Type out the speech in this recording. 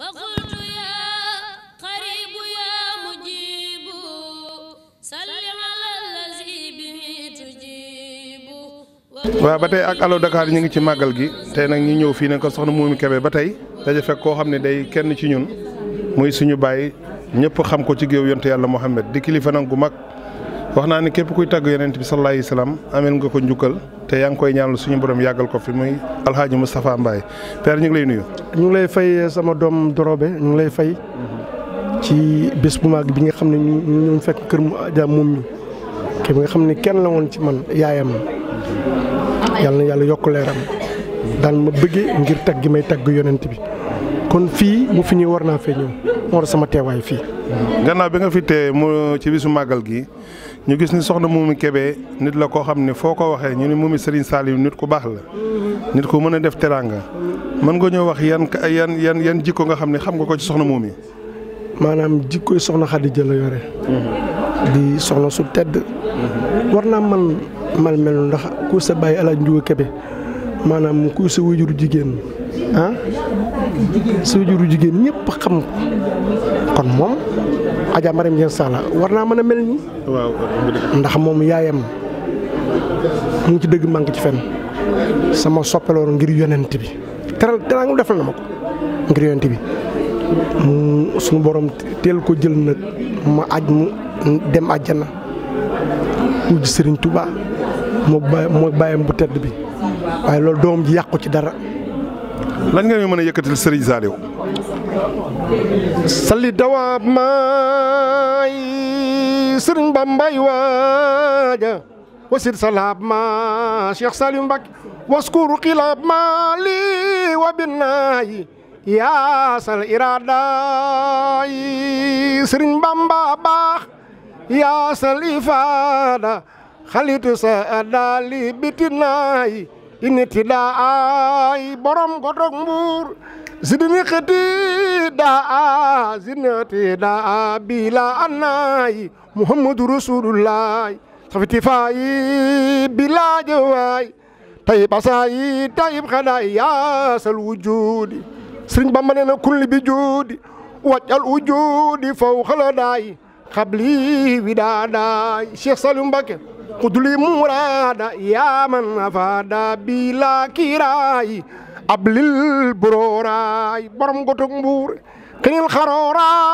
Ya wa batay ak Allo Dakar ñi ngi ci magal gi tey nak ñi ñew fi nak soxna momi kebe batay dajé fek ko xamné day kenn ci ñun muy suñu baye ñepp xam ko ci geew yonte yalla Muhammad di kilifa nag gu mag. waxna ni ne kuy tag yonent bi sallallahu alayhi wasallam amel nga ko ñukkal te yang koy ñaanal suñu borom yagal ko fi muy alhaji mustafa Mbaye père ñi ngi lay nuyu. ñu ngi lay fay eh, sama doom Dorobe ñu ngi lay fay ci bés bu mag bi nga xam ne ñu ñu fekk kër mu Adja moom ñu ki nga xam ne kenn la woon ci man yaayam yàlla na yàlla yokk leeram daan ma bëggee ngir tagg gi may tagg yonent bi kon fii mu fi ñuy war naa fee ñëw moo sama teewaay fii. gannaaw bi nga fi tee mu ci bisu màggal gi. ñu gis ni soxna Momy kebe nit la koo xam ne foo ko waxee ñu ni Momy Serigne Saliou nit ku baax la nit ku mën a def teraanga mën nga ñëw wax yan yan yan yan jikko nga xam ne xam nga ko ci soxna Momy maanaam jikkoy soxna Xadija la yore di soxna su tedd war naa man mal melu ndax ku sa bàyyi ala njuga Kébé maanaam ku sa wajuru jigéen ah sa juru jigéen ñëpp xam ko kon moom Adja Mariam Dieng Sall war naa mën a mel nii. ndax moom yaayam mu ngi ci dëgg mànk ci fen sama soppeloon ngir yonent bi teral teral defal na ma ko ngir yonent bi mu suñu borom teel ko jël nag ma aj mu dem àjjana wujj Sëriñ Tuubaa moo bàyyam bu tedd bi waaye loolu doom ji yàqu ci dara. lan nga ñu mën a yëkkatil Serigne Saliou salli dawaab maay Serigne Bambaay waaja wasir salaab ma Cheikh Saliou Mbacké waskuru xilaab ma wa binnaay yaasal iraadaay Serigne Bamba baax yaasal ifaada xalitu sa adaali ini tidaay borom gotok mbuur sidini xididaa zinatidaa bila annayi muhammadu rasulullahi safitifayi bila jawaay tayib asayi tayib xadaay yaasal wujudi sëriñ bamba nee na kulli bi juudi wàccal wujudi faw xaladaay xabli widaada Cheikh Saliou Mbacké xudli muraada yaa man afaada bi laa kiiraayi ablil burooraayi borom gotog mbuur kenil